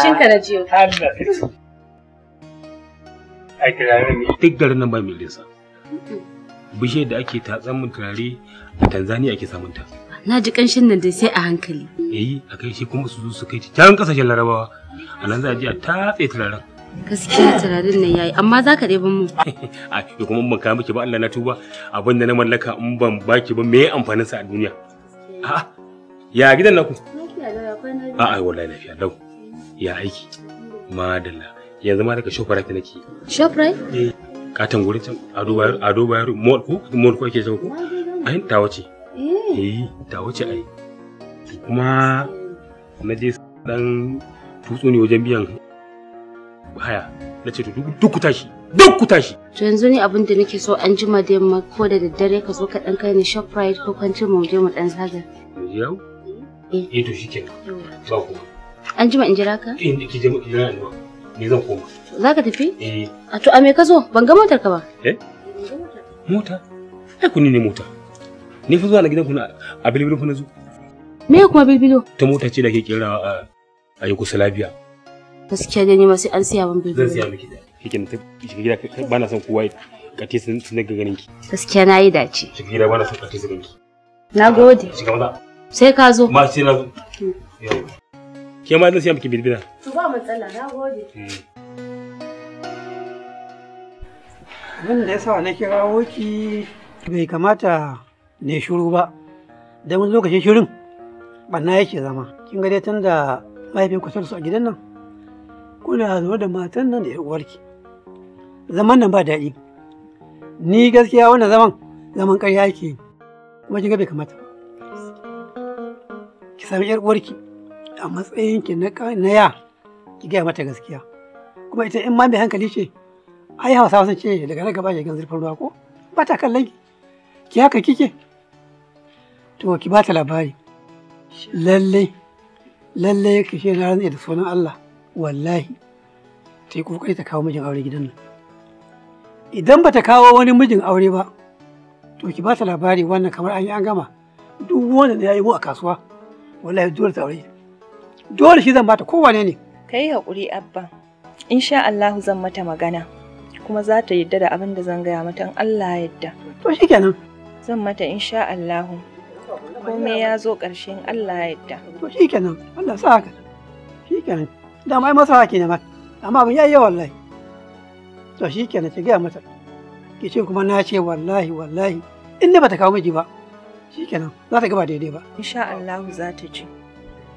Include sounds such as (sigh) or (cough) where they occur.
Haushinka na jiyo. Allah (laughs) Duk garin nan ba mai lesa. Bishiyar da ake tatsan mu turare a Tanzania ake samun ta. Na ji kanshin nan dai sai a hankali. Eh, a kai shi kuma su zo su kai can kasashen Larabawa. A nan za a je a tatse turaren. Gaskiya turaren nan yayi, amma za ka ɗebi mu. A ke kuma ban kawo miki ba Allah na tuba abin da na mallaka in ban baki ba me amfanin sa a duniya. A'a, ya gidan naku? Lafiya da akwai na. A'a, wallahi lafiya lau. ya aiki madalla yanzu ma daga shoprite nake shoprite eh katan gurin can ado bayar ado bayar mall ko mall ko ake ko ai ta wace eh, eh ta wace ai kuma na je dan tutsu ne wajen biyan haya na ce to duk ku tashi duk ku tashi to yanzu ne abin da nake so an jima da yamma ko da daddare ka zo ka dan kai ni shoprite ko kwancin mu je mu dan zaga yau eh, eh to shikenan ba kuma An jima in jira ka? In ki je ki jira ni zan koma. Za ka tafi? Eh. A to a me ka zo? Ban ga motar ka ba. Eh? Mota? Ai kuni ne mota. Ni fa zuwa na gidan ku na a bilbilo fa na zo. Me kuma bilbilo? Ta mota ce da ke kira a yi Yugoslavia. Gaskiya dai ni ma sai an siya ban bilbilo. Zan siya miki da. Kike na tafi gida ba na son kowa ka te sun sun ga ganin ki. Gaskiya na yi dace. Shiga gida ba bana son te sun ganin ki. Na gode. Shiga maza. Sai ka zo. Ma sai na zo. Hmm. Yau. ke ma zan siya miki bilbila to ba matsala na gode hmm. abin da yasa na kira woki bai kamata ne shuru ba don wani lokacin shirin banna yake zama kin ga dai tunda mahaifin kusur su a gidan nan kuna zuwa da matan nan da uwarki zaman nan ba daɗi ni gaskiya wannan zaman zaman ƙarya yake kuma kin ga bai kamata ki sami yar uwarki a matsayinki na ya ki gaya mata gaskiya kuma ita in ma mai hankali ce ai hausa sun ce daga na gaba shigan zurfin ruwa ko ba ta kallon ki ki haka kike to ki ba ta labari lallai lallai ki ce na ranar da sunan Allah wallahi ta yi kokari ta kawo mijin aure gidan nan idan ba ta kawo wani mijin aure ba to ki ba ta labari wannan kamar an yi an gama duk wanda ya yi mu a kasuwa wallahi dole ta aure dole shi zan bata kowane ne ka yi haƙuri abba insha Allah zan mata magana kuma za ta yadda da abin da zan gaya mata in Allah yadda to shikenan zan mata insha Allah komai ya zo ƙarshen Allah yadda to shikenan Allah sa haka shikenan da mai masa haki ne mata amma abin yayi wallahi to shikenan ki gaya mata ki ce kuma na ce wallahi wallahi in ba bata kawo miji ba shikenan za ta gaba daidai ba insha Allah za ta ce.